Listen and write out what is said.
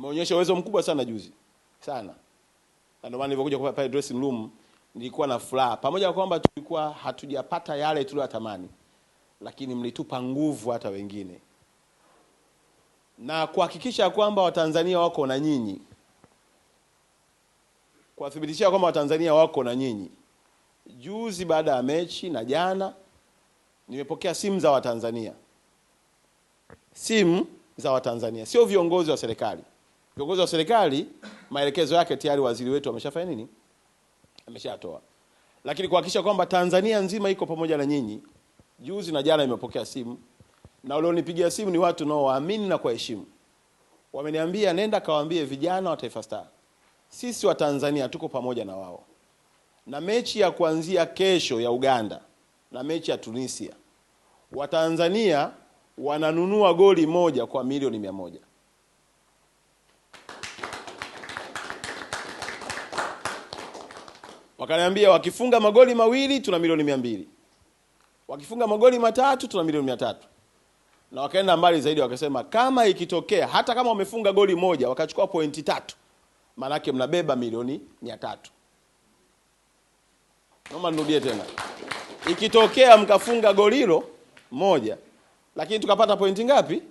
Mmeonyesha uwezo mkubwa sana juzi sana, na ndio maana nilipokuja kwa dressing room nilikuwa na furaha, pamoja na kwamba tulikuwa hatujapata yale tuliyotamani, lakini mlitupa nguvu hata wengine na kuhakikisha kwamba Watanzania wako na nyinyi, kuwathibitishia kwamba Watanzania wako na nyinyi. Juzi baada ya mechi na jana nimepokea simu za Watanzania, simu za Watanzania, sio viongozi wa serikali viongozi wa serikali maelekezo yake tayari waziri wetu ameshafanya nini, ameshatoa. Lakini kuhakikisha kwamba Tanzania nzima iko pamoja na nyinyi, juzi na jana imepokea simu na walionipigia simu ni watu naowaamini na kuwaheshimu. Wameniambia nenda kawaambie vijana wa Taifa Star sisi wa Tanzania tuko pamoja na wao, na mechi ya kuanzia kesho ya Uganda na mechi ya Tunisia Watanzania wananunua goli moja kwa milioni mia moja. Wakaniambia wakifunga magoli mawili tuna milioni mia mbili wakifunga magoli matatu tuna milioni mia tatu na wakaenda mbali zaidi, wakasema kama ikitokea hata kama wamefunga goli moja wakachukua pointi tatu, maanake mnabeba milioni mia tatu. noma nirudie tena, ikitokea mkafunga goli hilo moja, lakini tukapata pointi ngapi?